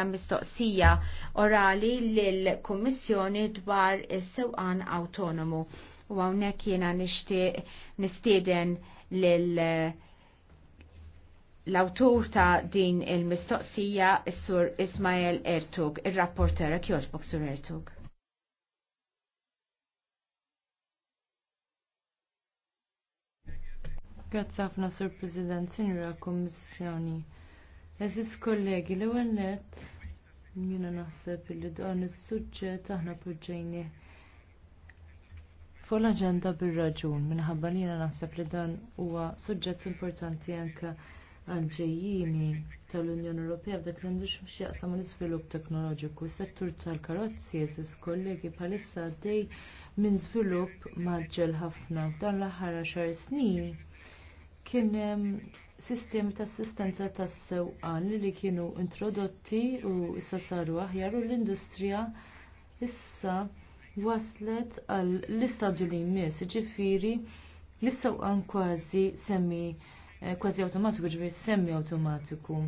hemm mistoqsija orali lill-Kummissjoni dwar is-sewqan autonomu. U hawnhekk jiena nixtieq nistieden lil l-awtur ta' din il-mistoqsija is-sur Ismael Ertug, ir-rapporter jogħġbok, Sur Ertug. Grazzi ħafna Sur President, Sinjura Kommissjoni. Eżis kollegi, l ewwel nett jiena naħseb li dan is-suġġett aħna poġġejni fuq l-aġenda raġun minħabba li jiena naħseb li dan huwa suġġett importanti anke għal-ġejjini tal-Unjoni Ewropea f'dak li għandux x'jaqsam l-iżvilupp teknoloġiku. Settur tal-karozzi eżis kollegi bħalissa għaddej minn żvilupp maġġel ħafna f'dan l-aħħar xar snin kien sistemi ta' assistenza tas sewqa li kienu introdotti u issa saru aħjar u l-industrija issa waslet għal l-istadju li jmiss, ġifiri l-sewqan kważi semmi eh, kważi automatiku, ġifiri semmi automatiku.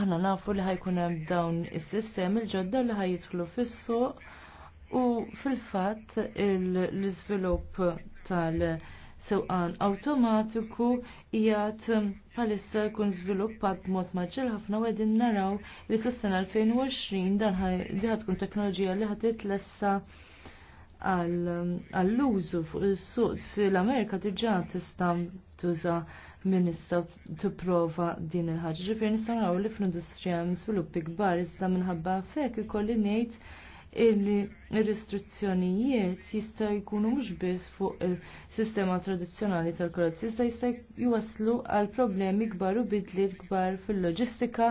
Aħna nafu li ħajkun hemm dawn is-sistemi l-ġodda li ħajjidħlu fis-suq u fil-fatt l-iżvilupp tal- sewqan awtomatiku jgħat bħalissa ehm, jkun żviluppat b'mod maġġel ħafna u għedin naraw li s-sena 2020 dan li kun teknoloġija li ħad titlessa ehm, għall-użu fuq is-suq fil-Amerika diġà tista' tuża minn issa t-prova din il-ħaġa. Ġifier nistaw naraw li fl-industrija hemm gbar, kbar iżda minħabba fek ikolli ngħid il-restrizzjonijiet jista' jkunu mhux biss fuq il-sistema tradizzjonali tal-karozzi, jista' jista' jwaslu għal problemi kbar u bidliet kbar fil-loġistika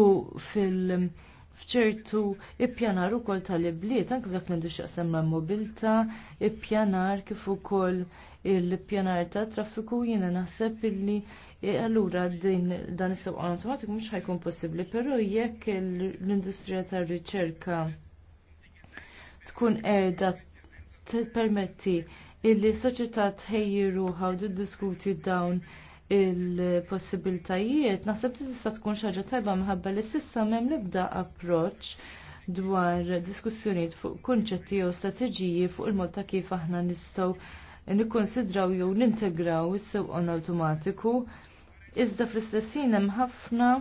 u fil- fċertu ippjanar ukoll tal-ibliet, anke f'dak l għandu xaqsam ma' mobilta, ippjanar kif ukoll il-pjanar ta' traffiku jiena naħseb illi e, allura din dan is-sewqan automatiku mhux ħajkun possibbli, però jekk l-industrija tar-riċerka tkun qiegħda tippermetti s soċjetà tħejji ruħha u tiddiskuti dawn il-possibiltajiet, naħseb li tista' tkun xi ħaġa tajba minħabba li s'issa m'hemm l-ebda approċċ dwar diskussjonijiet fuq kunċetti jew strateġiji fuq il-mod ta' kif aħna nistgħu nikkonsidraw jew nintegraw is-sewqon awtomatiku. Iżda fl-istessin hemm ħafna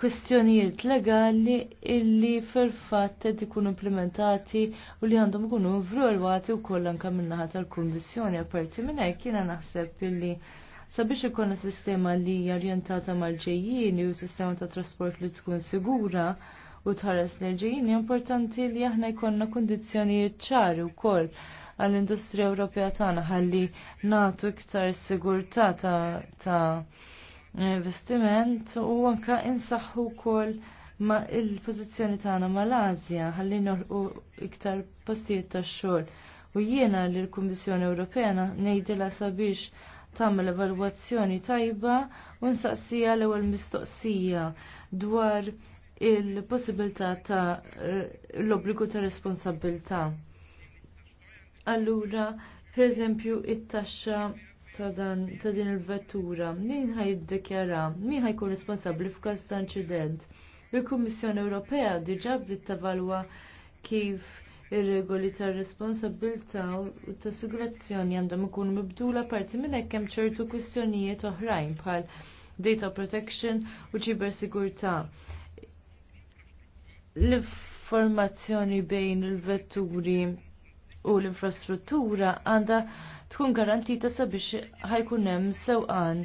kwestjonijiet legali illi fil-fatt qed ikunu implementati u li għandhom ikunu vrolwati wkoll anke min-naħa tal-Kummissjoni apparti minn hekk jiena naħseb illi sabiex ikun sistema li hija orjentata mal-ġejjini u sistema ta' trasport li tkun sigura u tħares l-ġejjini importanti li aħna jkollna kundizzjonijiet ċari wkoll għall-industrija Ewropea tagħna ħalli nagħtu iktar sigurtà ta', ta investiment u anka insaħħu wkoll ma il-pożizzjoni tagħna mal azja ħalli norqu iktar postijiet tax-xogħol. U jiena li l-Kummissjoni Ewropea ngħidilha sabiex tagħmel evalwazzjoni tajba u nsaqsija l-ewwel mistoqsija dwar il-possibilità ta' l-obbligu ta' responsabilità. Allura, per eżempju, it-taxxa ta' dan ta' din il-vettura, min ħaj ħajiddikjara, min kun responsabbli f'każ ta' incident. Il-Kummissjoni Ewropea diġà bdiet tavalwa kif ir-regoli tar responsabilità u ta' sigurazzjoni għandhom ikunu mibdula parti minn hekk hemm ċertu kwistjonijiet oħrajn bħal data protection u ċibersigurtà. L-informazzjoni bejn il-vetturi u l-infrastruttura għandha tkun garantita sabiex ħajkun hemm sewqan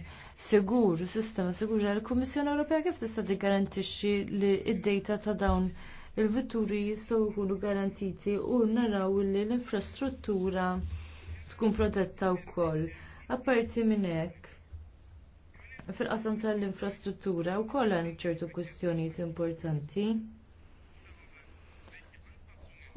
sigur, sistema sigura l-Kummissjoni Ewropea kif tista' tigarantixxi li d-dejta ta' dawn il-vetturi jistgħu jkunu garantiti u naraw li l-infrastruttura tkun protetta wkoll. Apparti minn hekk, fil-qasam tal-infrastruttura wkoll hemm ċertu kwistjonijiet importanti.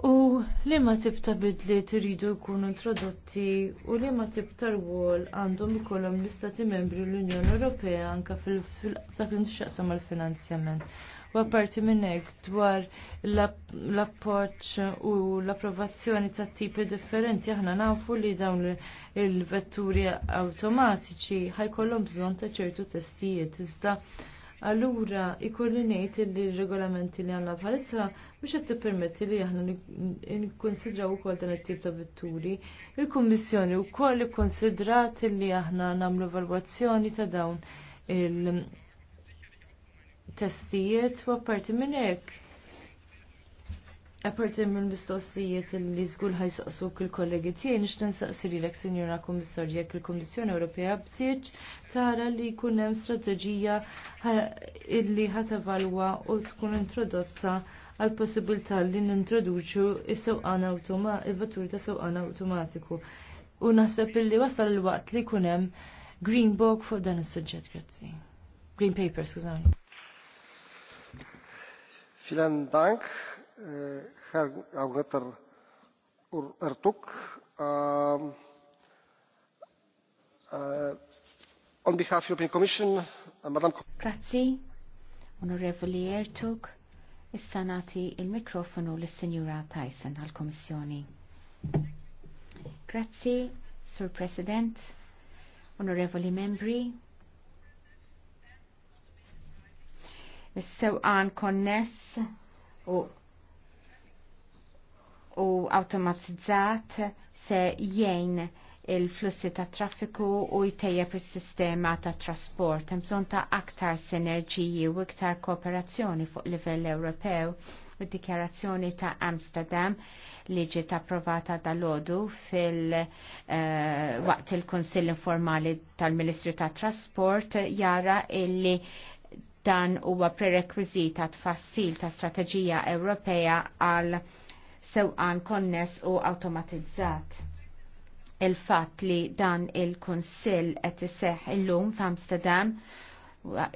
U li ma tibta bidliet iridu jkunu introdotti u li ma tibta rwol għandhom ikollhom l-Istati Membri l-Unjoni Ewropea anke fil-dak li nixxaqsam għal finanzjament U apparti minn hekk dwar l-appoġġ u l-approvazzjoni ta' tipi differenti aħna nafu li dawn il-vetturi awtomatiċi ħajkollhom bżonn ta' ċertu testijiet iżda allura ikolli ngħid li r-regolamenti li għandna bħalissa mhux qed tippermetti li aħna u ukoll dan il tip ta' vetturi. Il-Kummissjoni wkoll kol li aħna nagħmlu evalwazzjoni ta' dawn il-testijiet u apparti minn hekk Apparti minn mistoqsijiet li żgur ħajsaqsu il-kollegi tiegħi nixten saqsi lilek Sinjura Kummissarju jekk il-Kummissjoni Ewropea btieġ tara li jkun hemm strateġija illi evalwa u tkun introdotta għal possibilità li nintroduċu is-sewqan il-vetturi ta' sewqan awtomatiku. U naħseb illi wasal il-waqt li jkun hemm Green Book fuq dan is-suġġett, grazzi. Green Paper, skużani. Filan bank. Herr Augatar um, uh, on behalf of European Commission, uh, Madam... Grazzi, Onorevoli Ertug. Issa nati il-mikrofonu l signora Tyson għal-Komissjoni. Grazzi, Sir President, Onorevoli Membri, Is-sewqan konness u u automatizzat se jgħin il-flussi ta' traffiku u jtejjeb is-sistema ta' trasport. Hemm bżonn ta' aktar sinerġiji u iktar kooperazzjoni fuq livell Ewropew. Id-dikjarazzjoni ta' Amsterdam li ġiet approvata dal-ħodu fil-waqt eh, uh, il-Kunsill informali tal-Ministri ta' Trasport jara illi dan huwa prerekwiżita tfassil ta' strateġija Ewropea għal sewqan konness u automatizzat. Il-fat li dan il-Kunsill qed iseħħ illum f'Amsterdam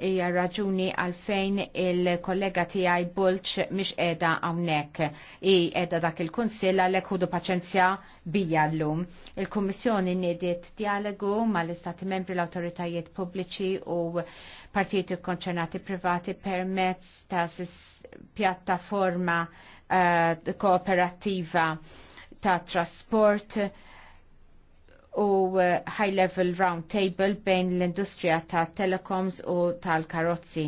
hija raġuni għalfejn il-kollega tiegħi Bulċ mhix qiegħda hawnhekk. Hi qiegħda dak il-kunsill għalhekk ħudu paċenzja bija llum. Il-Kummissjoni nidiet dialogu mal-Istati Membri l-Awtoritajiet Pubbliċi u partijiet ikkonċernati privati permezz ta' pjattaforma uh, eh, kooperattiva ta' trasport u eh, high level round table bejn l-industrija ta' telecoms u tal-karozzi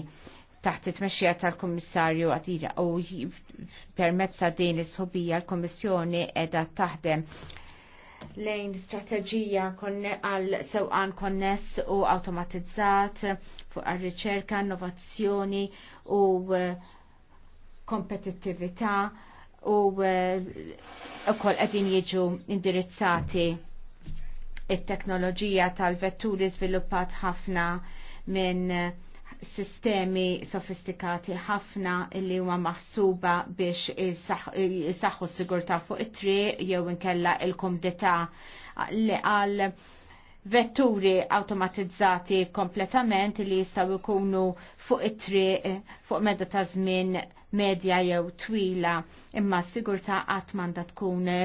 taħt it-mexxija tal-Kummissarju għadira u permezza din is-ħubija l-Kummissjoni qiegħda taħdem lejn strateġija għal sewqan konness u automatizzat fuq għal-riċerka, innovazzjoni u uh, kompetittività u wkoll eh, qegħdin jiġu indirizzati it-teknoloġija tal-vetturi żviluppat ħafna minn sistemi sofistikati ħafna illi huma maħsuba biex jisaxħu s sigurtà fuq it-triq jew inkella il-komdità li għal vetturi automatizzati kompletament li jistgħu jkunu fuq it-triq fuq medda ta' żmien medja jew twila imma s-sigurta għatmanda tkun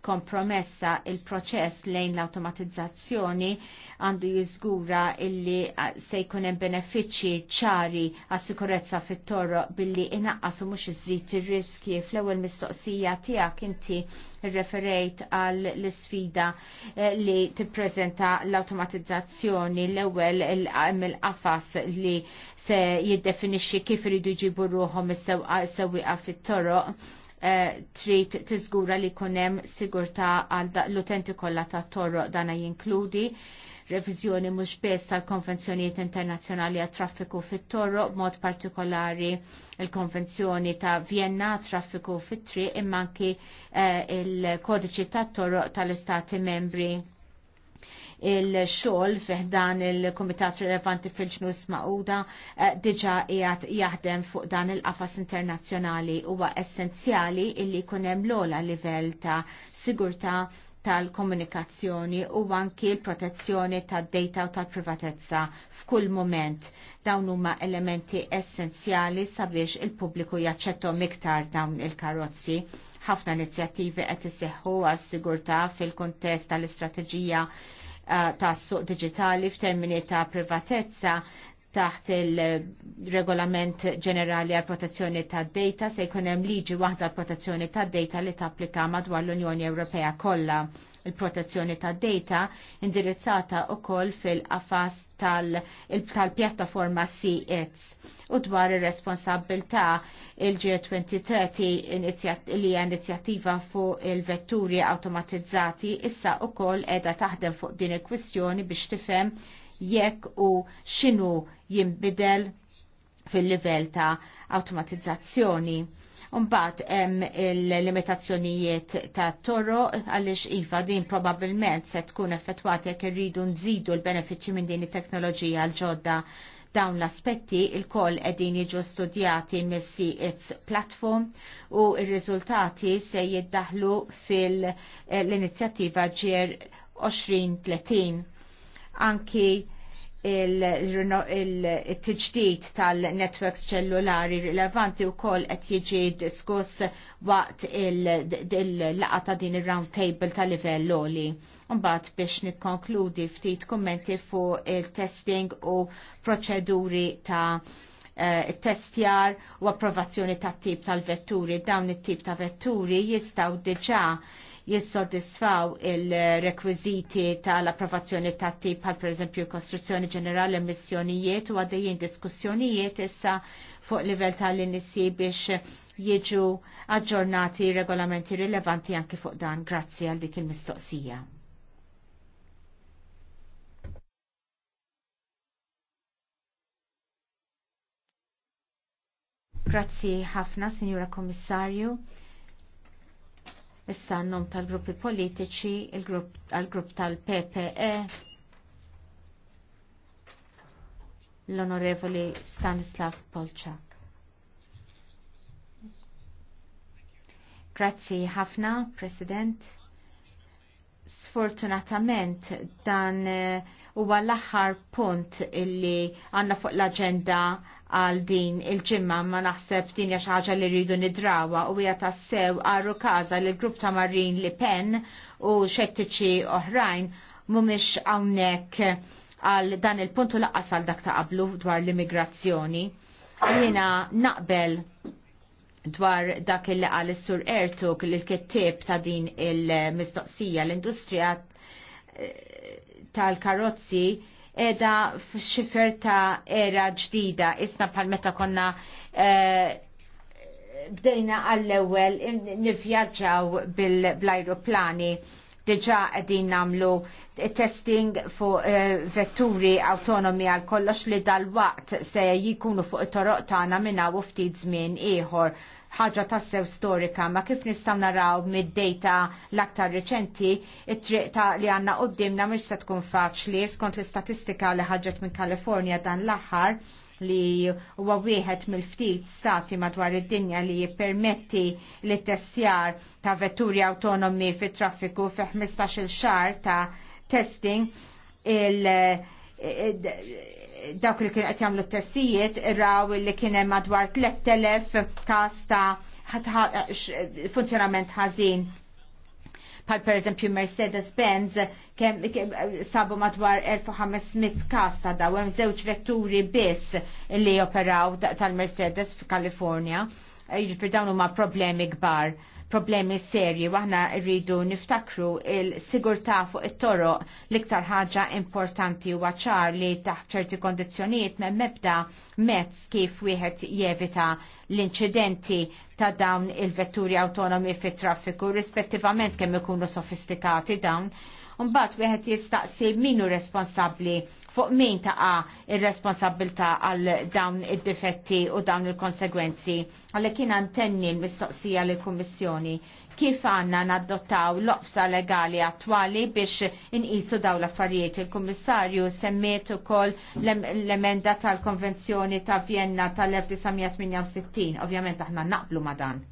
kompromessa il-proċess lejn l-automatizzazzjoni għandu jizgura illi se jkun hemm benefiċċji ċari għas sikurezza fit-torro billi inaqqas u mhux iżid ir-riski fl-ewwel mistoqsija tiegħek inti referejt għal l isfida eh, li tippreżenta l-automatizzazzjoni l-ewwel il qafas li se jiddefinixxi kif iridu jġibu ruħhom is-sewwieqa fit-toroq Eh, trid tiżgura li kunem sigurta għal l-utenti kollha ta' torro dana jinkludi revizjoni mhux biss tal-konvenzjonijiet internazzjonali għat traffiku fit-torro b'mod partikolari il-konvenzjoni ta' Vienna traffiku fit-triq imma anki eh, il-kodiċi tat-torro tal-istati membri il-xol fiħdan il-Komitat Relevanti fil-ġnus Mauda eh, diġa jgħat jaħdem fuq dan il-qafas internazzjonali huwa essenzjali illi kunem l-ola livell ta' sigurta' tal-komunikazzjoni u anki l-protezzjoni tad-data u tal-privatezza f'kull moment. Dawn huma elementi essenzjali sabiex il-pubbliku jaċċettom iktar dawn il-karozzi. Ħafna inizjattivi qed iseħħu għas-sigurtà fil-kuntest tal-istrateġija Eh, ta' suq digitali f'termini ta' privatezza taħt il-regolament ġenerali għal protezzjoni ta' data se jkun hemm liġi waħda għal protezzjoni ta' data li tapplika madwar l-Unjoni Ewropea kollha. Il-protezzjoni ta' data indirizzata wkoll fil-qafas tal-pjattaforma CX u dwar ir-responsabilità il-G2030 li hija inizjattiva fuq il-vetturi automatizzati issa wkoll qiegħda taħdem fuq din il-kwistjoni biex tifhem jekk u xinu jimbidel fil-livell ta' automatizzazzjoni. Umbat hemm il-limitazzjonijiet ta' toro għaliex iva din probabilment se tkun effettwati jekk irridu nżidu l-benefiċċji minn din it-teknoloġija l-ġodda dawn l-aspetti il-koll edin jiġu studjati messi its platform u il-rizultati se jiddaħlu fil-inizjattiva eh, ġer 2030 anki il tġdijt tal-networks ċellulari rilevanti u koll qed jiġi diskuss waqt il laqata ta' din il-round table tal-livell loli. Unbat biex nikkonkludi ftit kummenti fuq il-testing u proċeduri ta' eh, testjar u approvazzjoni tat-tip tal-vetturi. Dawn it-tip ta' vetturi jistgħu diġà jissodisfaw il-rekwiziti tal-approvazzjoni ta' tip bħal per eżempju kostruzzjoni ġenerali emissjonijiet u għaddejjien diskussjonijiet issa fuq livell tal-inissi biex jiġu aġġornati regolamenti rilevanti anki fuq dan. Grazzi għal dik il-mistoqsija. Grazzi ħafna, Signora Kommissarju. Issa n-nom tal-gruppi politiċi, għal-grupp tal-PPE, l-onorevoli Stanislav Polczak. Grazzi ħafna, President. Sfortunatament dan eh, huwa l-aħħar punt illi għandna fuq l agenda għal din il-ġimma ma naħseb din hija xi ħaġa li rridu nidrawa u hija tassew għarru każa li l-grupp ta' Marin Li Pen u xettiċi oħrajn mhumiex hawnhekk għal dan il-punt u għal dak ta' qablu dwar l-immigrazzjoni. Jiena naqbel dwar dak il għal sur Ertug li l-kittib ta' din il-mistoqsija l-industrija eh, tal-karozzi edha f'xifer ta' era ġdida, isna bħal meta konna bdejna għall-ewel nivjaġġaw bil-ajruplani. Bil Diġa għedin namlu testing fuq uh, vetturi autonomi għal kollox li dal-waqt se jikunu fuq it-toroq tagħna minna u ftit żmien ieħor ħaġa tassew storika ma kif nistgħu naraw mid-data l-aktar reċenti it-triq ta' li għandna qudiemna mhux se tkun faċli skont l-istatistika li ħarġet minn Kalifornja dan l-aħħar li huwa wieħed mill-ftit stati madwar id-dinja li jippermetti li testjar ta' vetturi autonomi fit traffiku fi 15 xar ta' testing il dawk li kien qed jagħmlu testijiet raw li kien hemm madwar 3000 każ ta' funzjonament ħażin pal per eżempju Mercedes-Benz kem, sabu madwar 1500 kas ta' daw hemm żewġ vetturi biss li operaw tal-Mercedes f'Kalifornia. Ta Eh, jiġifier dawn huma problemi kbar, problemi serji, waħna rridu niftakru il-sigurtà fuq it toro l-iktar ħaġa importanti huwa ċar li taħt ċerti kondizzjonijiet me mebda mezz kif wieħed jevita l-inċidenti ta' dawn il-vetturi autonomi fit-traffiku rispettivament kemm ikunu sofistikati dawn Mbagħad wieħed jistaqsi minu responsabbli fuq min taqa' ir-responsabilità għal dawn id-difetti u dawn il-konsegwenzi. Għalhekk kien antenni l-mistoqsija lill-Kummissjoni kif għanna naddottaw l-oqsa legali attwali biex inqisu daw l-affarijiet. Il-Kummissarju semmiet ukoll l-emenda tal-Konvenzjoni ta' Vienna tal-1968. Ovvjament aħna naqblu ma' dan.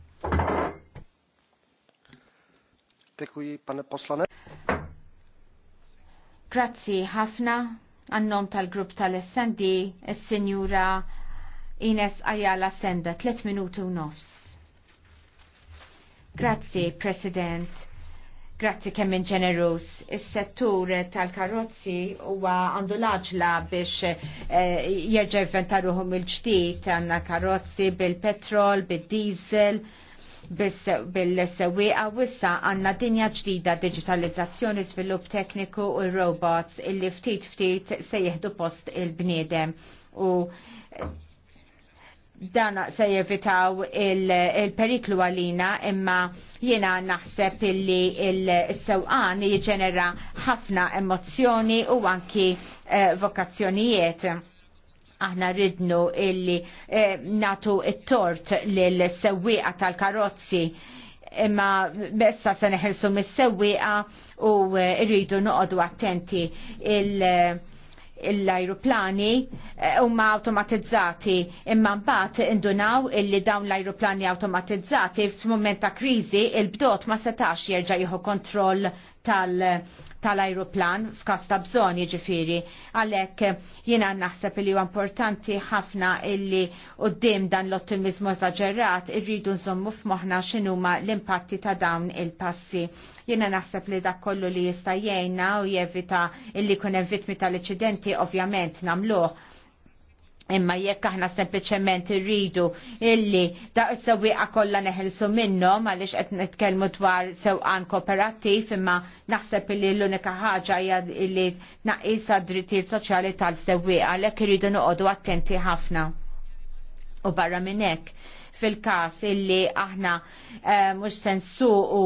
Grazzi ħafna għannom tal-grupp tal-SND, il-Sinjura Ines Ayala Senda, 3 minuti u nofs. Grazzi, President. Grazzi kemm minn ġenerus. Is-settur tal-karozzi huwa għandu l biex eh, jerġa' jventaruhom il-ġdid għandna karozzi bil-petrol, bil-diesel, bil petrol bil diesel bil-sewiqa wissa għanna dinja ġdida digitalizzazzjoni, svilup tekniku u robots illi ftit ftit se jihdu post il-bniedem u dan se jevitaw il-periklu għalina imma jena naħseb illi il-sewqan jiġenera ħafna emozjoni u anki eh, vokazzjonijiet aħna ridnu illi eh, natu it-tort l-sewwieqa tal-karozzi imma bessa se neħelsu mis-sewwieqa u eh, rridu noqogħdu attenti il- l-ajruplani eh, huma automatizzati imma mbagħad indunaw illi dawn l-ajruplani automatizzati f'mument ta' kriżi il-bdot ma setax jerġa' jieħu kontroll tal-ajruplan tal f'kas ta' bżon jiġifieri. Għalhekk jiena naħseb li huwa importanti ħafna illi qudiem dan l-ottimizmu eżaġerat irridu nżommu f'moħħna x'inhuma l-impatti ta' dawn il-passi. Jiena naħseb li dak kollu li jista' jgħinna u jevita illi kun hemm vittmi tal-inċidenti ovvjament nagħmluh Imma jekk aħna sempliċement irridu illi daq s-sewwieqa kollha neħilsu minnhom għaliex qed nitkellmu dwar sewqan kooperattiv imma naħseb illi l-unika ħaġa hija li tnaqqisa drittijiet soċjali tal-sewwieqa għalhekk irridu noqogħdu attenti ħafna. U barra minn hekk fil-kas illi aħna eh, mux sensu u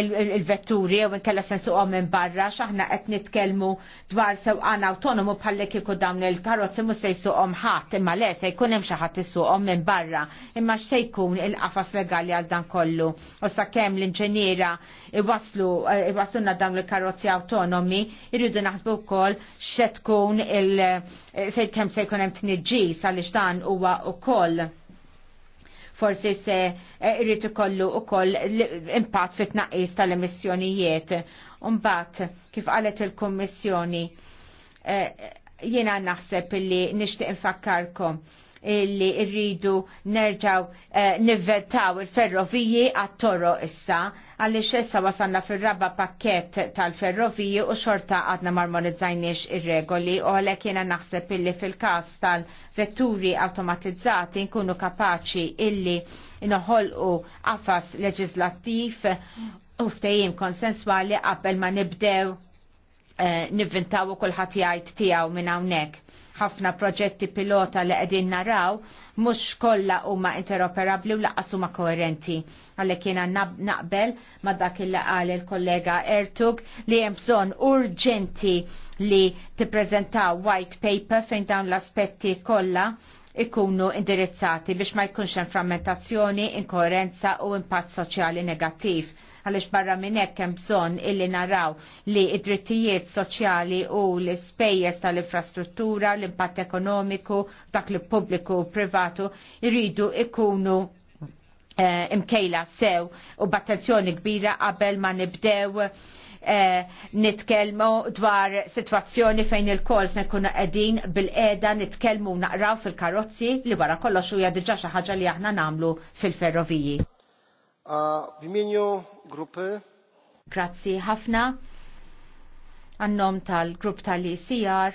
il-vetturi u nkella sensu u minn barra xaħna qed nitkellmu dwar sewqan autonomu bħallek kiku dawn il-karozzi mux se jisuqom ħadd imma le se jkun hemm xi ħadd isuqhom minn barra imma x'se jkun il-qafas legali għal dan kollu. U sakemm l-inġeniera iwaslu eh, iwasluna dawn il-karozzi autonomi irridu naħsbu wkoll x'se tkun il eh, se kemm se jkun hemm tniġġis għaliex dan huwa wkoll forsi se eh, irrid ikollu wkoll impatt fit tnaqqis tal-emissjonijiet. Umbat, kif qalet il-Kummissjoni, eh, jiena naħseb illi nixtieq infakkarkom Illi rridu nerġaw eh, il-ferroviji għat-toro issa għaliex issa wasanna fil-raba pakket tal-ferroviji u xorta għadna marmonizzajniex ir-regoli u għalek jena naħseb illi fil-kas tal-vetturi automatizzati nkunu kapaċi illi noħolqu qafas leġislattiv u ftejim konsensuali qabel ma nibdew Eh, nivvintaw u kullħat jgħid tiegħu minn hawnhekk. Ħafna proġetti pilota li qegħdin naraw mhux kollha huma interoperabbli u laqas huma koerenti. Għalhekk jiena naqbel ma dak il qal il-kollega Ertug li hemm bżonn urġenti li tippreżentaw white paper fejn dawn l-aspetti kollha ikunu indirizzati biex ma jkunx hemm frammentazzjoni, inkoerenza u impatt soċjali negattiv. Għaliex barra minn hekk hemm bżonn illi naraw li id-drittijiet soċjali u l-ispejjeż tal-infrastruttura, l-impatt ekonomiku, dak li pubbliku u privatu jridu ikunu eh, imkejla sew u b'attenzjoni kbira qabel ma nibdew Eh, nitkellmu dwar situazzjoni fejn il-kols nkunu qegħdin bil eda nitkellmu naqraw fil-karozzi li wara kollox huja diġà xi ħaġa li aħna nagħmlu fil-ferroviji. Viminju gruppi. Grazzi ħafna Annom tal-grupp tal-ICR,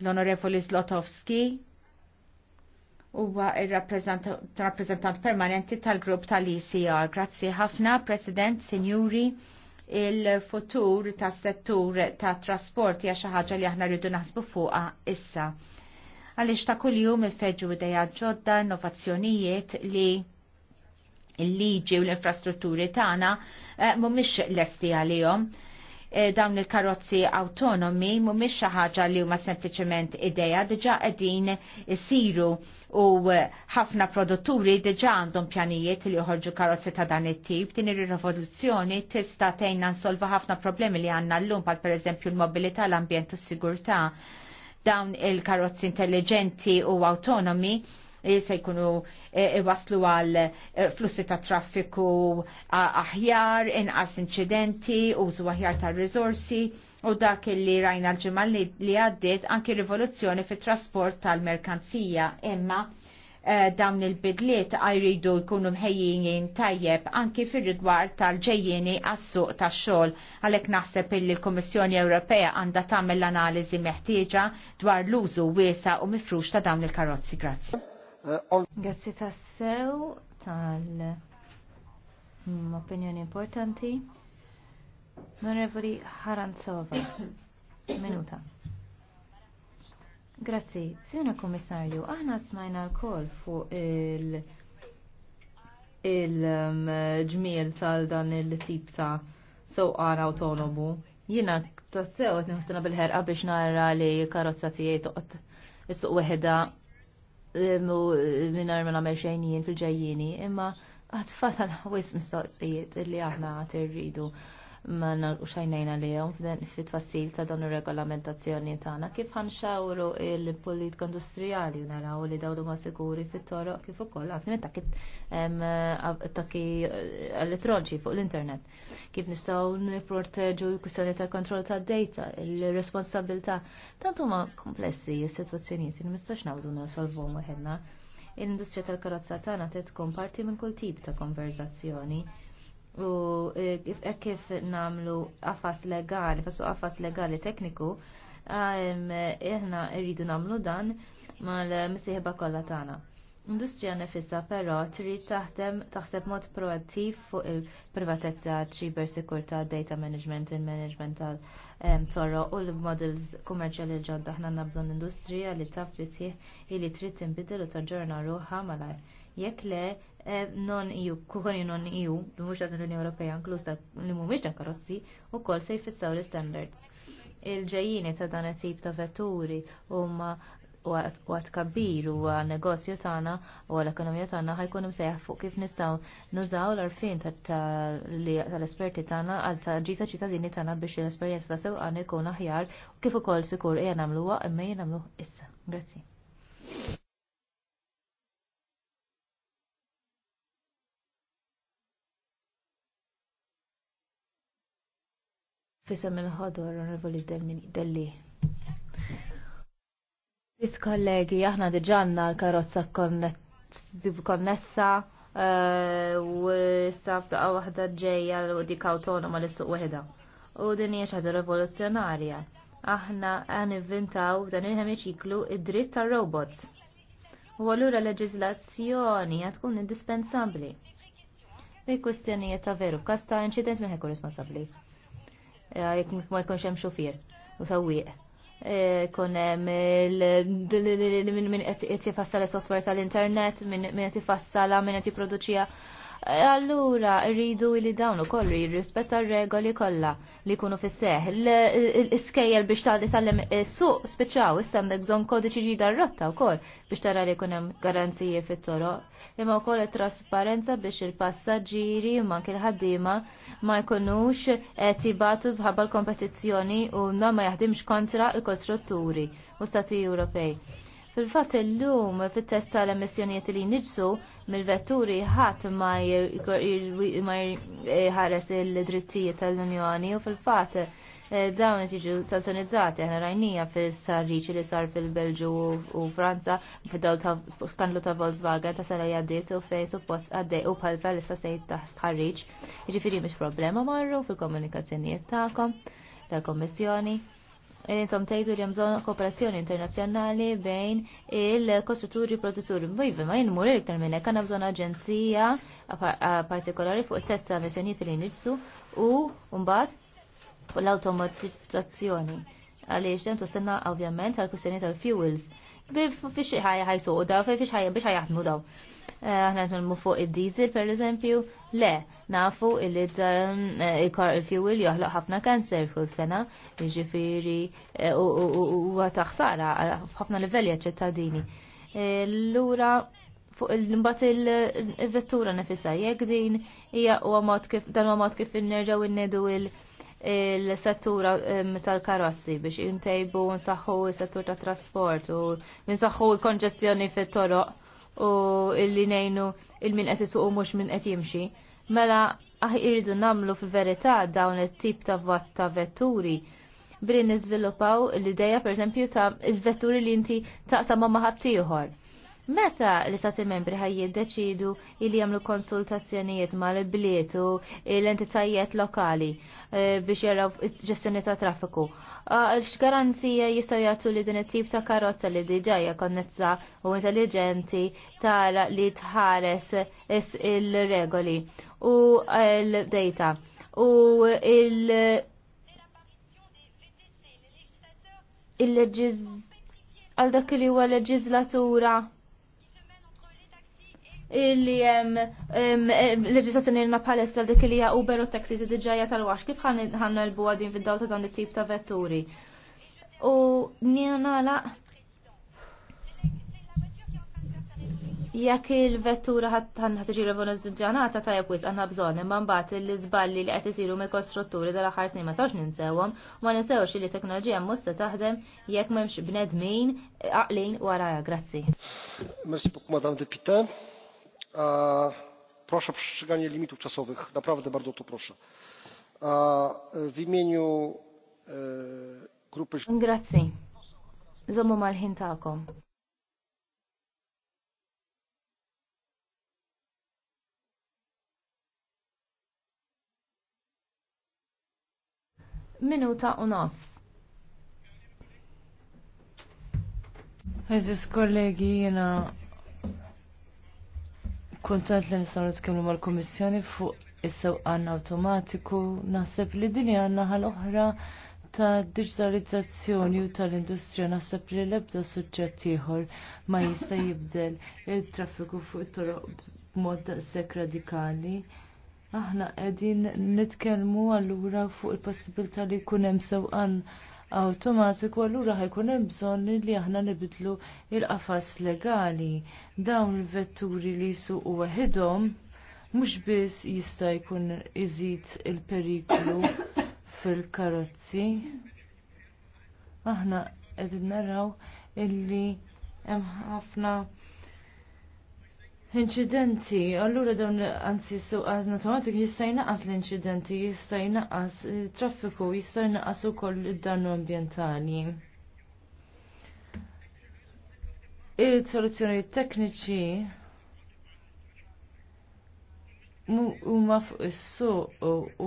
l-Onorevoli Zlotowski, huwa il-rappresentant permanenti tal-grupp tal-ICR. Grazzi ħafna, President, Signuri il-futur tas settur ta' trasport ja xi ħaġa li aħna rridu naħsbu fuqha issa. Għaliex ta' kuljum ifeġġu ideja ġodda, innovazzjonijiet li il-liġi u l-infrastrutturi tagħna eh, mhumiex lesti għalihom. Eh, dawn il-karozzi autonomi mhumiex xi ħaġa li huma sempliċement idea diġà qegħdin isiru u eh, ħafna produtturi diġà għandhom pjanijiet li joħorġu karozzi ta' dan it-tip din ir-rivoluzzjoni tista' tgħinna nsolva ħafna problemi li għandna llum bħal pereżempju l-mobilità, l-ambjent u s-sigurtà dawn il-karozzi intelligenti u autonomi E, se jkunu e, e, waslu għal flussi ta' traffiku aħjar, inqas incidenti, użu aħjar ta' rizorsi u dak li rajna l-ġimma li għaddiet anki rivoluzzjoni fit trasport tal-merkanzija imma dawn il-bidliet għajridu jkunu mħejjin tajjeb anki fir rigward tal-ġejjini għas-suq tax-xogħol għalhekk naħseb illi l-Kummissjoni Ewropea għandha tagħmel l-analiżi meħtieġa dwar l-użu wiesa u mifrux ta' dawn il-karozzi. Grazzi. Eh, Grazie tassew tal-opinjoni importanti. Onorevoli Haranzova, minuta. Grazzi, signor commissario, aħna smajna l-kol fuq il- il-ġmiel um, tal-dan il-tip ta' sewqan autonomu. Jina tassew għet nħustana bil-ħerqa biex nara li karozza tijiet toqt is-suq weħda minar ma nagħmel xejnijin fil-ġejjini, imma għatfasal ħawis mistoqsijiet li aħna għat ma nagħlqu xajnejna lihom fit-tfassil ta' dawn ir-regolamentazzjoni tagħna kif ħanxawru il-politika industrijali naraw li dawn huma sikuri fit-toroq kif ukoll għafni kif takki eh, elettronċi fuq l-internet. Kif nistgħu nipproteġu l-kwistjoni tal-kontroll tad-data, il-responsabilità tant huma komplessi s-sitwazzjonijiet li mistax nagħdu nasolvuhom waħedna l-industrija tal-karozza tagħna tkun parti minn kull tip ta' konverzazzjoni u e, e, kif namlu għafas legali, fasu għafas legali tekniku, aħna e, rridu namlu dan mal-msieħba kollha tagħna. Industrija nefissa però trid taħdem taħseb mod proattiv fuq il-privatezza ċiber sekurta data management, il-management tal-torro u l-models l ġodda ħna nabżon industrija li taf bisih li trid timbidil u taġġorna ruħa malaj jekk le eh, non EU, kuħoni non EU, li mhux għad l-Unjoni Ewropea inkluż li mhumiex dan karozzi, kol se jfissaw l-standards. Il-ġejjini ta' dan it-tip ta' vetturi huma u għat kabbir u negozju tagħna u għal-ekonomija tagħna ħajkun sejħ fuq kif nistgħu nużaw l-arfin tal-esperti tagħna għal ta' ta' ċittadini tagħna biex l-esperjenza ta' sewqan ikun aħjar u kif ukoll sikur qiegħed nagħmluha imma jien nagħmluh issa. Grazzi. Fisem il-ħodor, onorevoli Delli. Is kollegi, aħna diġanna l-karozza konnessa eh, u s safta daqqa wahda ġeja l-dik autonoma l-suq wahda. U din hija ħaġa revoluzzjonarja. Aħna għan inventaw dan il-ħemiċiklu id-dritt tar-robots. U għallura leġizlazzjoni għad tkun indispensabli. Bi kwistjonijiet ta' veru, kasta inċident minn ħekku responsabli Eh, jek ma jkunx hemm xufier u sewwieq eh, kon minn qed jifassal is-software tal-internet, minn qed jifassala, minn qed jipproduċija allura rridu li dawn ukoll jirrispetta r-regoli kollha li jkunu fis-seħ. L-iskejjel biex tagħti sallem is-suq spiċċaw issemmek bżonn kodiċi ġida r-rotta wkoll biex tara li jkun hemm garanziji fit-toroq. Imma wkoll it-trasparenza biex il-passaġġieri ma kil ħaddiema ma jkunux qed jibatu bħabba l-kompetizzjoni u ma jaħdimx kontra l-kostrutturi u stati Ewropej. Fil-fatt illum fit-test tal-emissjonijiet li niġsu mill-vetturi ħadd ma jħares il-drittijiet tal-Unjoni u fil-fatt eh, dawn jiġu sanzjonizzati aħna rajnija fis-sarriċ li sar fil-Belġu u Franza f'daw ta' skandlu ta' Volkswagen ta' sara jaddit u fejn suppost għaddej u bħalfa l sejt ta' sarriċ. Jiġifieri mhix problema marru fil-komunikazzjonijiet tagħkom tal-Kommissjoni intom tajtu li jamżon kooperazzjoni internazjonali bejn il kostruturi u produtturi. Mbivi ma il iktar minnek, għanna bżon bżonn aġenzija partikolari fuq it-test ta' li nitsu u mbagħad l-automatizzazzjoni. Għaliex hemm tistenna ovvjament għal kwistjoni tal-fuels. Bif, fiex ħajja ħajsu u daw, fiex ħajja biex ħajja ħatmu daw. Eh, aħna nitolmu fuq id-diesel per eżempju, le, nafu illi eh, il-fuel joħloq ħafna kanser kull sena, jiġifieri eh, huwa taħsara ħafna livelli ċittadini. Lura fuq il-mbagħad il-vettura nifisha jekk din hija huwa mod kif dan huwa mod kif innerġgħu innedu il- il-settura tal-karozzi biex jintejbu nsaħħu il-settur ta' trasport u nsaħħu il-konġestjoni fit-toroq u illi nejnu il-min qed isuq u mhux min qed jimxi. Mela aħ irridu namlu fil-verità dawn it-tip ta' vot ta' vetturi bri niżviluppaw l-ideja pereżempju ta' il-vetturi li inti taqsam ma' ħadd Meta li stati membri ħaj jiddeċidu li jagħmlu konsultazzjonijiet mal-bliet u l-entitajiet lokali eh, biex jaraw ġestjoni ta' traffiku. Ah, x'garanzija jistgħu jagħtu li din it-tip ta' karozza li diġajja konnezza u intelligenti tara li tħares il-regoli u l-data u il- il-leġiz għal dak li huwa leġizlatura li jem leġislazzjoni na palestra dik li hija Uber u taxis diġajja tal-wax kif ħanna l din fid-daw ta' dan it-tip ta' vetturi. U nina la jekk il-vettura ħatħan ħatġi rivoluzjonata ta' jabwis għanna bżon imma mbagħad l-iżballi li qed isiru mill-kostrutturi tal-aħħar snin ma sarx ninsewhom, ma ninsewx li teknoloġija mhux taħdem jekk m'hemmx bnedmin aqlin warajha. Grazzi. Merci beaucoup Madame Deputée. E, proszę o przestrzeganie limitów czasowych naprawdę bardzo to proszę. E, w imieniu e, grupy Grazie. Zomu mal Minuta u nofs. Eżis kollegi jena Kuntant li nistgħu nitkellmu mal-Kummissjoni fuq is-sewqan awtomatiku naħseb li din hija naħa l-oħra ta' digitalizzazzjoni u tal-industrija naħseb li l-ebda suġġett ieħor ma jista' jibdel il-traffiku fuq it-toroq b'mod sekk radikali. Aħna qegħdin nitkellmu allura fuq il-possibilità li jkun hemm sewqan awtomatiku allura ħajkun hemm bżonn li aħna nibidlu il-qafas legali. Dawn il-vetturi li jsuqu waħedhom mhux biss jista' jkun iżid il-periklu fil-karozzi. Aħna qegħdin naraw illi hemm ħafna Incidenti, allura dawn anzi su automatik jista' jnaqqas l-incidenti, jista' jnaqqas eh, traffiku, jista' u ukoll id-dannu ambjentali. Il-soluzzjoni tekniċi huma fuq is-suq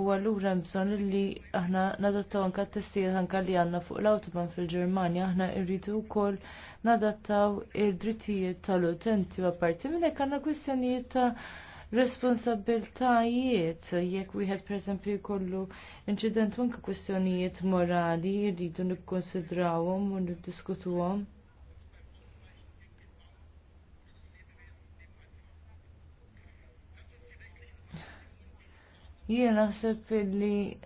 u allura hemm bżonn li aħna nadattaw anke t-testijiet anke li għandna fuq l-awtoban fil-Ġermanja aħna rridu wkoll nadattaw id-drittijiet tal-utenti u apparti minn hekk għandna kwistjonijiet ta' responsabiltajiet jekk wieħed pereżempju jkollu inċident u anke kwistjonijiet morali jridu nikkonsidrawhom u niddiskutuhom. Jien naħseb li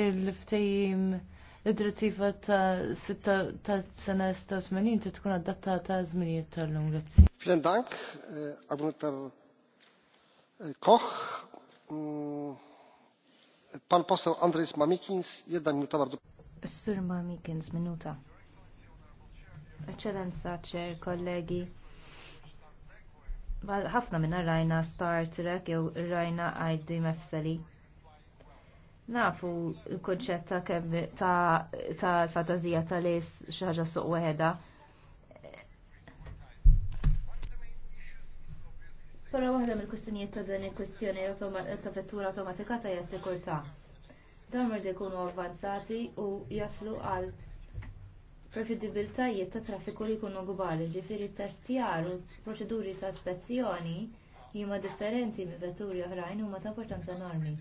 il ftajim id-drittiva ta' 6 ta' sena 86 tkun adattata ta' l lum grazzi. Vielen Dank, għabnuttar eh, eh, Koch. Mm, pan poseł Andrzej Mamikins, jedna minuta bardu. Sur Mamikins, minuta. Eccellenza, ċer, kollegi ħafna minna rajna Star Trek jew rajna ID mefseli. Nafu l konċet ta' kemm ta' ta' fantazija ta' lis xi ħaġa suq weħeda. Però waħda mill-kwistjonijiet ta' din il-kwistjoni ta' vettura automatika ta' sikurtà. Dan merdi jkunu avvanzati u jaslu għal profittibiltajiet ta' traffiku li jkunu ġifieri ġifiri testjar u proċeduri ta' spezzjoni huma differenti minn vetturi oħrajn huma ta' importanza enormi.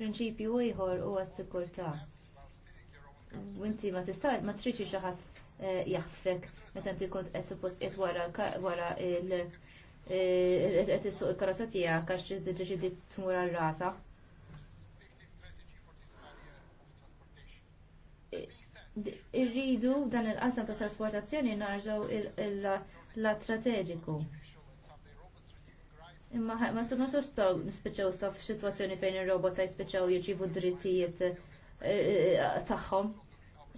Prinċipju ieħor huwa s-sikurtà. Inti ma tista' ma triċi xi ħadd eh, jaħtfek meta inti kont qed suppost qed wara il eh, issuq il-karozza tiegħek għax tiġi tmur għal rasa. irridu dan il-qasam ta' trasportazzjoni narġaw il-la strateġiku. Imma ma s nistaw nispiċaw sa' situazzjoni fejn il-robots jispiċaw jirċivu drittijiet eh, eh, tagħhom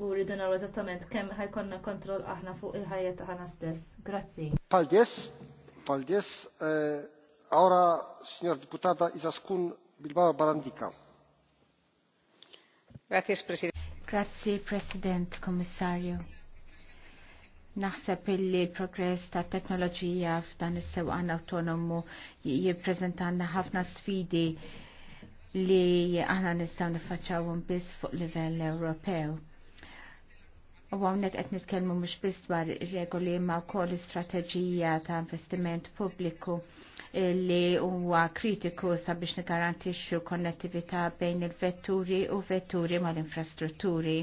u rridu naraw eżattament kemm ħajkonna kontroll aħna fuq il-ħajja tagħna stess. Grazzi. Paldies, paldies. Eh, Ora, signor deputata Izaskun Bilbao Barandika. Grazie, Presidente. Grazzi, President, Kommissarju. Naħseb illi progress ta' teknoloġija f'dan is-sewqan autonomu jippreżentanna ħafna sfidi li aħna nistgħu nifaċċawhom biss fuq livell Ewropew. U hawnhekk qed nitkellmu mhux biss dwar regoli ma' wkoll strateġija ta' investiment pubbliku li huwa kritiku sabiex nigarantixxu konnettività bejn il-vetturi u vetturi mal-infrastrutturi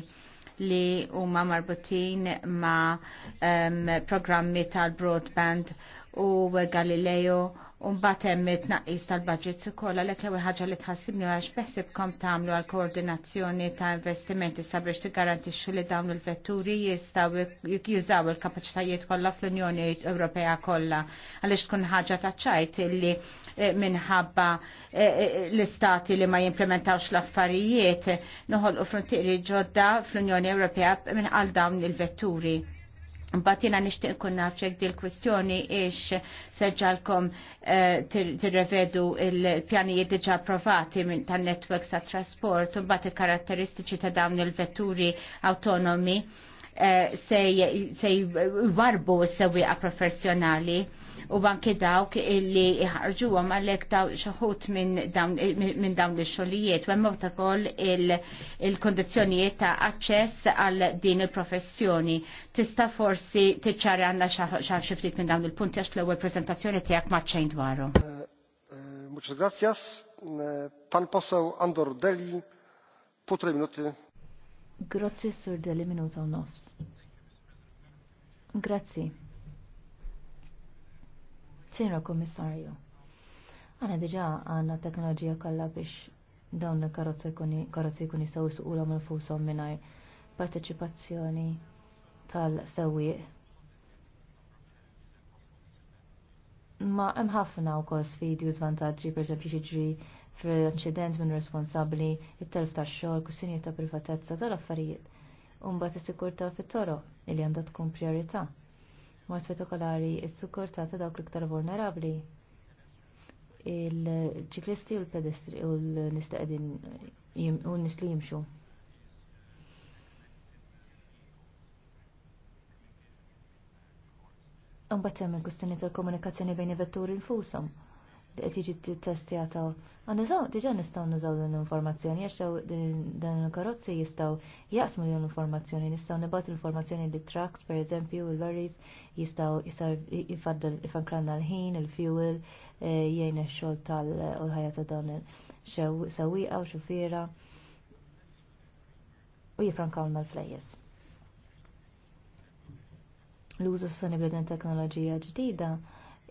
li huma marbutin ma' um, programmi tal-broadband u Galileo un batem it-naqis tal budgets ukoll għalhekk l-ewwel ħaġa li tħassibni għax beħsibkom tagħmlu għal koordinazzjoni ta' investimenti sabiex tiggarantixxu li dawn il-vetturi jistgħu jużaw il-kapaċitajiet kollha fl-Unjoni Ewropea kollha għaliex tkun ħaġa ta' ċajt illi eh, minħabba eh, eh, l-istati li ma jimplementawx l-affarijiet noħolqu frontieri ġodda fl-Unjoni Ewropea minn għal dawn il-vetturi. Mbagħad jiena nixtieq ikun naf xek dil kwistjoni ix seġġalkom eh, tirrevedu il-pjanijiet diġà approvati minn tan-netwerks tat trasport u mbagħad il-karatteristiċi ta' dawn il-vetturi autonomi eh, se warbu s-sewwieqa professjonali u banki dawk illi iħarġu għom għallek daw xaħut minn dawn l-xolijiet u għemmu ta' koll il-kondizjonijiet ta' access għal din il-professjoni. Tista' forsi tiċċari għanna xiftit minn dawn il-punti għax l-ewel prezentazzjoni tijak maċċejn dwaru. Eh, eh, Muċċa grazzjas, eh, Pan posaw Andor Deli, półtorej minuti. Grazie, Sir Deli, minuta u nofs. Grazie. Sinra Komissarju, għana diġa għanna teknoloġija kalla biex dawn il-karozzi kuni jistaw suqula mill fusom minnaj parteċipazzjoni tal-sewwieq. Ma hemm ħafna wkoll sfidi u żvantaġġi pereżempju xiġri fil incident minn responsabbli, il telf tax-xogħol, kussinijiet ta' privatezza tal-affarijiet. U mbagħad sikurta fit-toroq li għandha tkun priorità mod fetokolari is-sukurtà ta' dawk l-iktar vulnerabbli. Il-ċiklisti u l-pedestri u l-nistaqdin u n-nis li jimxu. Un hemm il-kustjoni tal-komunikazzjoni bejn i vetturi fusom li qed jiġi testjata. sa diġà nistgħu nużaw din l-informazzjoni, għax dan il-karozzi jistgħu jaqsmu din l-informazzjoni, nistgħu nibgħat l-informazzjoni li trakt, pereżempju, il-lorries jistgħu jisar jifaddal ifankranna l-ħin, il-fuel, eh, jgħin ix-xogħol tal-ħajja ta' dawn sewwieqa u xufiera u jifrankawna l-flejjes. L-użu sostenibbli din teknoloġija ġdida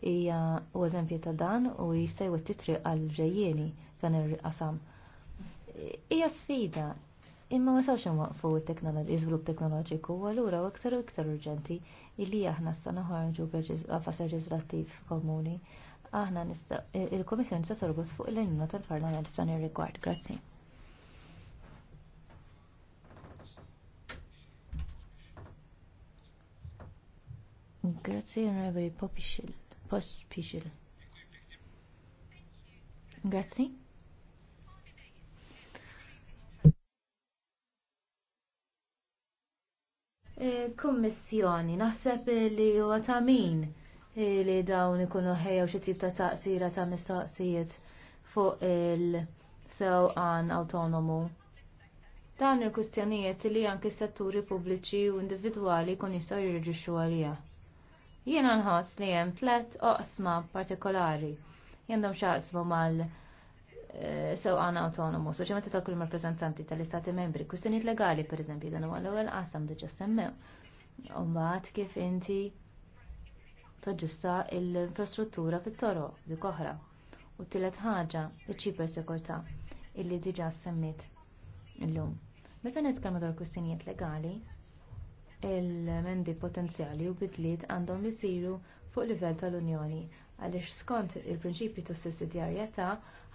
hija u eżempju ta' dan u jista' jwetti għal ġejjieni dan il-qasam. Hija sfida, imma ma sawx waqfu l-iżvilupp teknoloġiku u allura u iktar u iktar urġenti illi aħna sta noħorġu qafas leġislattiv komuni. Aħna il-Komissjoni se torbot fuq il lejnuna tal-Parlament f'dan ir-rigward. Grazzi. Grazie, onorevoli Popischil post pixil. Grazzi. Eh, Kommissjoni, naħseb li huwa ta' min eh, li dawn ikunu ħejja xi tip ta' taqsira ta' mistaqsijiet fuq il għan autonomu. Dan il-kustjonijiet li s setturi pubbliċi u individwali kun jistgħu jirġixxu għalija. Jiena nħoss li hemm tlet oqsma partikolari jendom xaqsmu mal eh, sewqan autonomus, u ċemmet ta' kull rappresentanti tal-istati membri, kustinit legali per eżempju, dan huwa l-ewwel qasam diġà semmew. U mbagħad kif inti taġġusta l-infrastruttura fit-toro di koħra. U tillet ħaġa iċ-ċiper sekurtà illi diġà semmit illum. Meta nitkellmu dwar kwistjonijiet legali, il-mendi potenzjali u bidliet għandhom jisiru fuq livell tal-Unjoni għaliex skont il-prinċipju ta' sussidjarjetà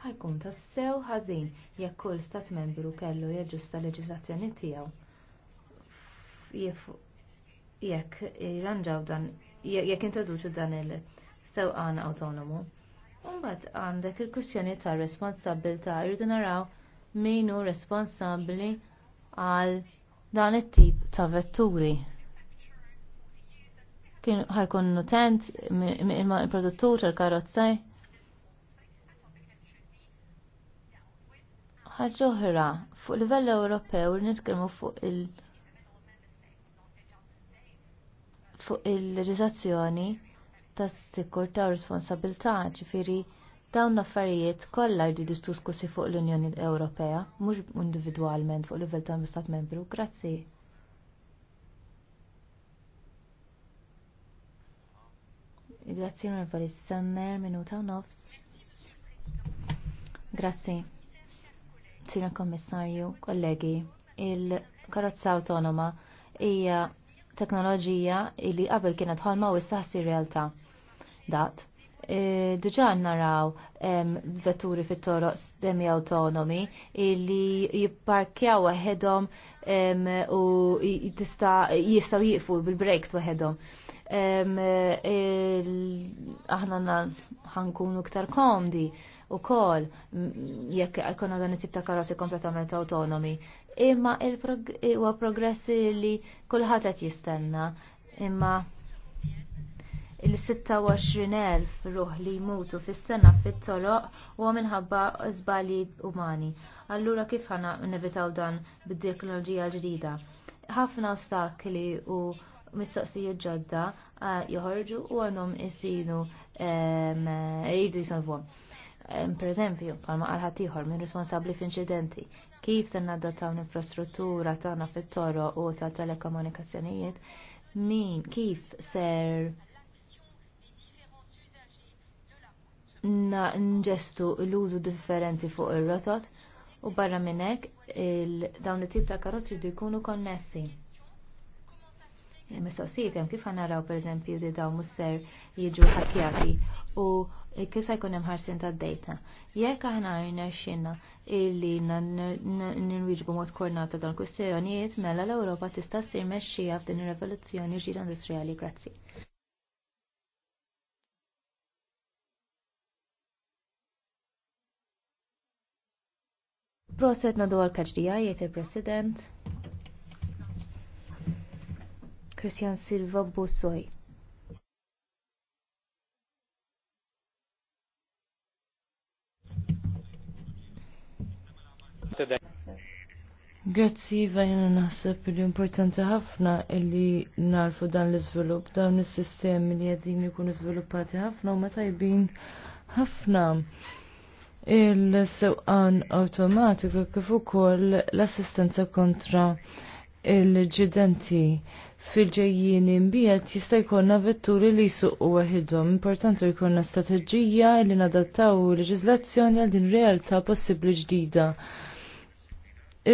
ħajkun ta' sew ħażin jekk kull stat membru kellu jaġġusta leġiżlazzjoni tiegħu jekk jirranġaw dan jekk introduċu dan il-sewqan awtonomu. Imbagħad għandek il-kwistjoni tar responsabilità jridu naraw min hu responsabbli għal dan it-tip ta' vetturi. Kien ħajkun nutent imma il-produttur tal-karozzaj. ħagġoħra fuq livell Ewropew li nitkellmu fuq il- fuq il-leġizazzjoni ta' sikurta u responsabilità ġifiri Dawn l-affarijiet kollha jridu diskussi fuq l-Unjoni Ewropea, mhux individwalment fuq livell tal Stat Membru. Grazzi. Grazzi onorevoli minuta nofs. Grazzi. Sina Kommissarju, kollegi, il-karozza autonoma hija teknoloġija li qabel kienet ħolma u issa realtà. Dat Eh, diġa naraw vetturi fit toro semi autonomi illi jipparkjaw waħedhom u jistaw jifu bil-brakes waħedhom. Aħna ħankunu ktar komdi u kol jekk ikonna dan it-tip ta' karozzi kompletament autonomi. Imma il-progressi li kulħadd qed jistenna imma il-26,000 ruħ li jmutu fis-sena fit-toroq huwa minħabba żbalji umani. Allura kif ħana nevitaw dan bid-teknoloġija ġdida? Ħafna ostakli u mistoqsijiet ġodda eh, joħorġu u għandhom isinu ehm, jridu jisolvuhom. Ehm, per eżempju, palma għal ħatiħor minn responsabli f'inċidenti, kif se nadattaw l-infrastruttura tagħna fit toroq u ta' telekomunikazzjonijiet, min kif ser nġestu l-użu differenti fuq ir-rotot u barra minn hekk dawn it-tip ta' karozzi jridu jkunu konnessi. Mistoqsijiet hemm kif naraw pereżempju li dawn musser jiġu ħakkjati u kif se jkun hemm ħarsin tad-dejta. Jekk aħna rnexxinna illi nirwiġbu mod kornata dan kwistjonijiet mela l-Ewropa tista' ssir mexxija f'din ir-revoluzzjoni ġdida industrijali. Grazzi. Proset nadu għal kaġdija, jiet il-President. Christian Silva Bussoj. Grazzi, vajna naħseb li importanti ħafna illi narfu dan l-izvilup, Dan is-sistemi li għedin jkunu izviluppati ħafna u ma tajbin ħafna il-sewqan automatiku kif ukoll l-assistenza kontra il-ġidenti fil-ġejjini mbiet jista' jkollna vetturi li jsuqqu waħidhom. Importanti li jkollna strateġija li nadattaw leġiżlazzjoni għal din realtà possibbli ġdida.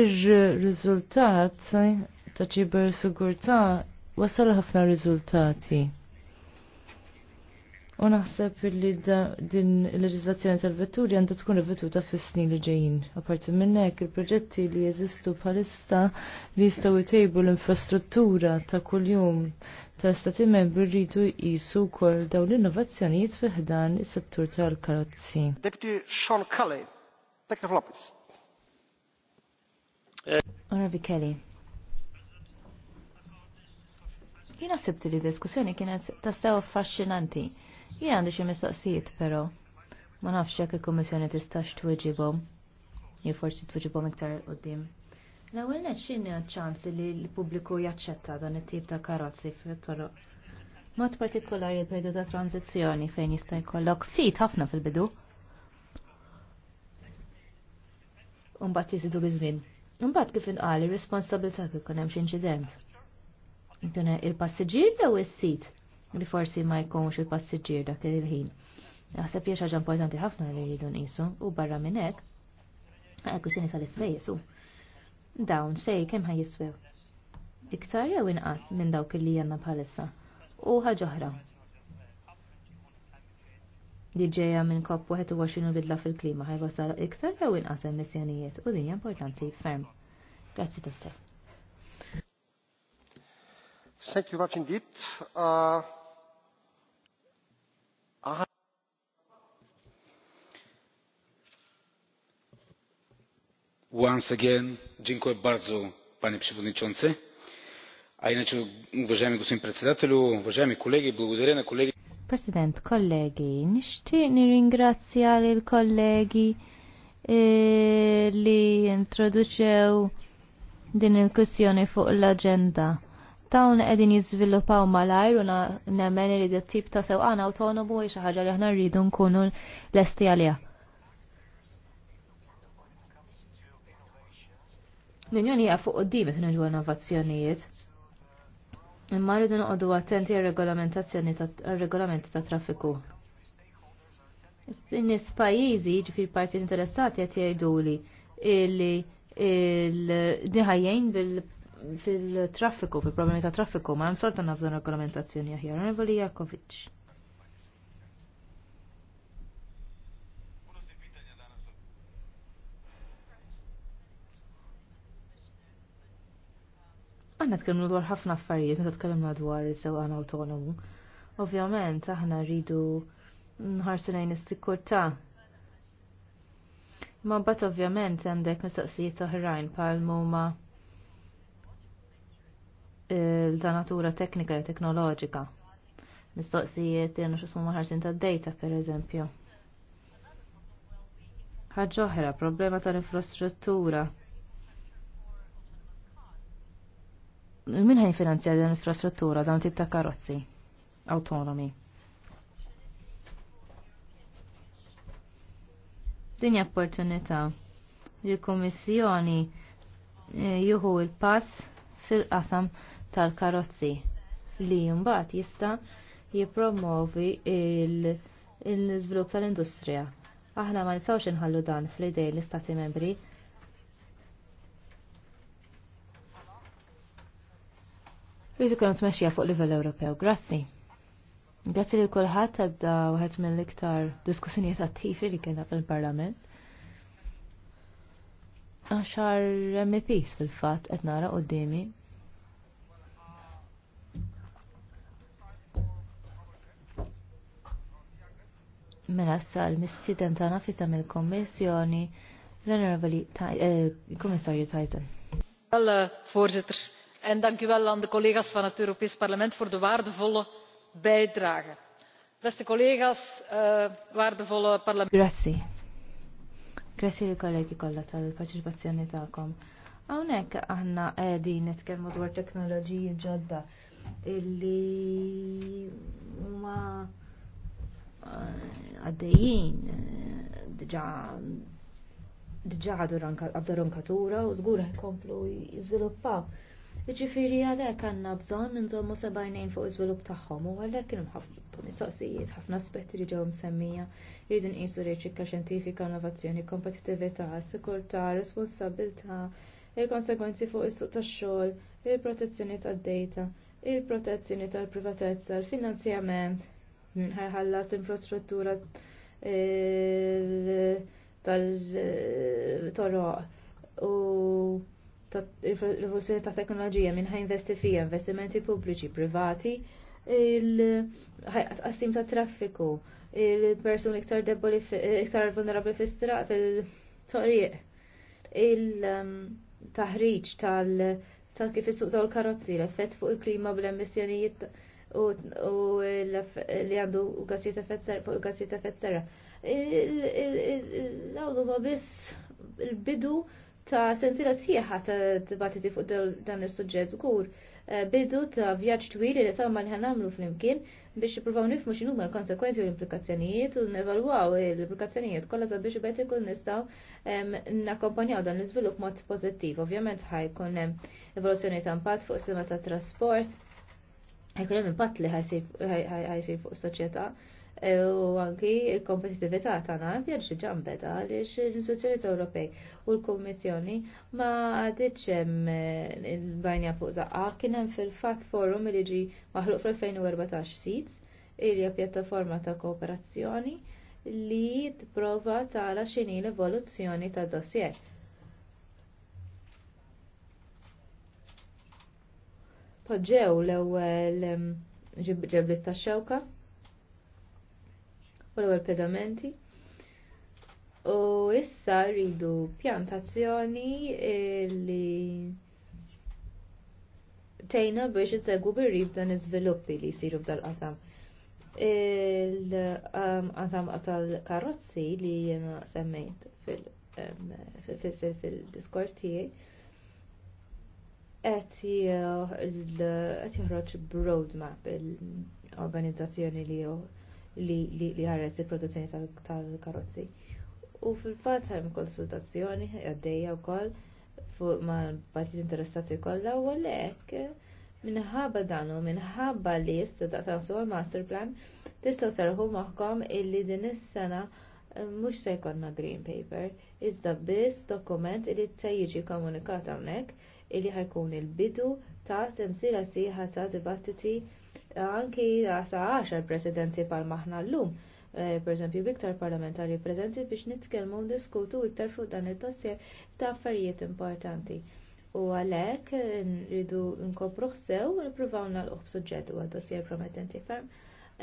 Ir-riżultat ta' ċiber sigurtà wasal ħafna riżultati. U naħseb li din il-leġislazzjoni tal-vetturi għandha tkun rivetuta fis-snin li ġejjin. Aparti minn hekk il-proġetti li jeżistu bħalissa li jistgħu jtejbu l-infrastruttura ta' kuljum ta' stati membri rridu jqisu wkoll dawn l-innovazzjonijiet fi ħdan is-settur tal-karozzi. Deputy Sean Kelly, Technoflopis. Onorevoli Kelly. Jina sebti li diskussjoni kienet tassew affaxxinanti. Jien għandi xi mistoqsijiet però. Ma nafx jekk il-Kummissjoni tistax twieġibhom Jew forsi twiġibhom iktar qudiem. L-ewwel net x'inhi ċans li l-pubbliku jaċċetta dan it-tip ta' karozzi fit-toroq. Mod partikolari l-periodu ta' tranzizzjoni fejn jista' jkollok ftit ħafna fil-bidu. Imbagħad jiżidu biżmin. Imbagħad kif inqal ir-responsabilità kif ikun hemm xi inċident. Il-passiġġier jew is-sit? li forsi ma jkunx il-passiġġier dak il-ħin. Naħseb jiex ħaġa importanti ħafna li rridu nqisu u barra minn hekk hekk isini sal-ispejjesu. Dawn xej kemm ħajjiswew. Iktar jew inqas minn dawk li għandna bħalissa. U ħaġa oħra. Li ġejja minn kop 21 bidla fil-klima ħajwasal iktar jew inqas emissjonijiet u din importanti ferm. Grazzi tassew. Thank you much indeed. Uh... Once again, dziękuję bardzo panie przewodniczący. A inaczej, uważajmy swoim председателю, uważajmy kolegi, благодаря na kolegi. President, kollegi, nishti nirringrazzja lil kollegi e, li introduċew din il-kussjoni fuq l-agenda. Dawn qegħdin jiżviluppaw malajr u nemmen li d-tip ta' sewqan autonomu xi ħaġa li aħna rridu nkunu lesti għaliha. l-Unjoni hija fuq qudiem qed niġu innovazzjonijiet. Imma rridu noqogħdu attenti għar-regolamentazzjoni tar-regolamenti ta' traffiku. Nis pajjiżi ġifir parti interessati qed jgħiduli li il-diħajjejn fil-traffiku, fil-problemi ta' traffiku, ma' nsorta nafżon regolamentazzjoni aħjar. Onorevoli Jakovic. Għanna tkellmu dwar ħafna affarijiet meta tkellimna dwar is-sewqan autonomu. Ovvjament aħna rridu nħarsu is-sikurtà. Ma bat ovvjament għandek mistaqsijiet oħrajn pal huma ta' natura teknika u teknoloġika. Mistoqsijiet jenna xismu maħarsin ta' data per eżempju. ħagġoħra, problema tal-infrastruttura, min ħajn finanzja din infrastruttura dawn tip ta' karozzi autonomi. Dinja opportunità li l-Kummissjoni eh, juhu il-pass fil-qasam tal-karozzi li mbagħad jista' jippromovi il-żvilupp tal-industrija. Aħna ma nistgħux inħallu dan fl-idej l-Istati Membri li t tmexxija fuq livell Ewropew. Grazzi. Grazzi li kulħadd għadda waħed mill-iktar diskussjonijiet attivi li kellna fil-Parlament. Għaxar MPs fil-fatt qed nara qudiemi mela issa l-mistiden tagħna fisam il-Kommissjoni l-Onorevoli eh, Kummissarju Tajden. Għalla, eh, voorzitter en dank u wel aan de collega's van het europees parlement voor de waardevolle bijdrage. beste collega's eh, waardevolle parlementsleden. Grazie Hawnhekk aħna qegħdin nitkellmu dwar teknoloġiji ġodda illi huma eh, għaddejjin eh, diġà diġà għadu rankatura u żgur jiżviluppaw. Ġifiri għalhekk għandna bżonn nżommu sebajnejn fuq iżvilup tagħhom u għalek kienu mħafna mistoqsijiet, ħafna aspetti li ġew msemmija jridu nqisu riċikka xjentifika, innovazzjoni, kompetitività, sikurtà, responsabilità, il-konsekwenzi fuq is-suq tax-xogħol, il-protezzjoni tad-dejta, il-protezzjoni tal-privatezza, il-finanzjament, ħajħallas infrastruttura tal-toroq eh, u l-evoluzzjoni ta' teknoloġija minn investi fija investimenti pubbliċi, privati, il-qassim ta' traffiku, il-persuni iktar deboli, iktar vulnerabli fil-toriq, il-taħriġ um, tal tal kif is-suq tal-karozzi, l-effett fuq il-klima bl-emissjonijiet u li għandu gassijiet effett serra fuq il effett serra. L-għawdu ma biss il-bidu ta' sensila sieħa ta' dibattiti fuq dan is-suġġett żgur eh, bidu ta' vjaġġ twil li sa' ma li fl flimkien biex nippruvaw nifmu x'inhu ma' l-konsekwenzi u l-implikazzjonijiet u nevalwaw l-implikazzjonijiet kollha sabiex biex ikun nistgħu nakkompanjaw dan l-iżvilupp mod pożittiv. Ovvjament ħajkun hemm evoluzzjoni ta' impatt fuq is-sistema tat trasport, ħajkun hemm impatt li ħajsir fuq is-soċjetà E, u anki il-kompetitività tagħna vjerx ġa li għaliex l-istituzzjonijiet Ewropej u l-Kummissjoni ma għaditx hemm il-bajnja eh, fuq zaqqa kien hemm fil-fatt forum li ġi maħluq fl-2014 seats ilja pjattaforma ta' kooperazzjoni li tipprova tara x'inhi l-evoluzzjoni tad dossier. Poġġew l-ewwel mm, ġeblit tax-xewka u l-ewwel pedamenti. U issa rridu pjantazzjoni eh, li tejna biex jitsegu bir-rib dan iżviluppi li jsiru f'dal-qasam. Il-qasam tal-karozzi li jena semmejt fil-diskors tiegħi qed joħroġ broadmap il-organizzazzjoni li li li ħares il-produzzjoni tal-karozzi. U fil-fatt hemm konsultazzjoni għaddejja wkoll fuq mal partit interessati kollha u għalhekk minħabba dan u minħabba li jistudaq tansu master plan tistgħu serħu magħkom illi din is-sena eh, mhux se jkollna green paper, iżda biss dokument li se jiġi komunikat hawnhekk illi ħajkun il-bidu ta' temsila sieħa ta' dibattiti anki sa 10 presidenti pal maħna l-lum. Eh, per esempio, iktar parlamentari prezenti biex nitkellmu u diskutu iktar fuq dan il tassir ta' affarijiet importanti. U għalhekk rridu eh, nkopru sew u nippruvaw nagħlqu b'suġġett għal dossier promettenti ferm.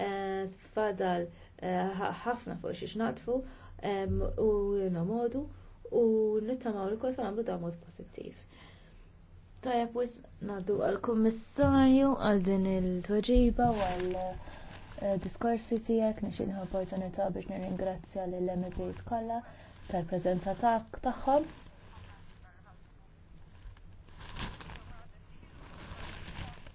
Eh, fadal ħafna fuq xi natfu u nomodu u nittamaw l-kol sa da' mod pożittiv. Tajab, wis nadu għal-kommissarju għal din il-tweġiba u għal-diskorsi tijek, l opportunità biex nirringrazzja l-MPs kolla tal-prezenza taħħom.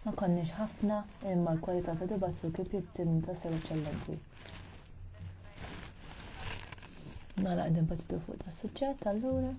Ma konniex ħafna imma l-kwalità ta' dibattu kif jittim ta' sew eċċellenti. Nala għedin battitu fuq tas suġġett allura.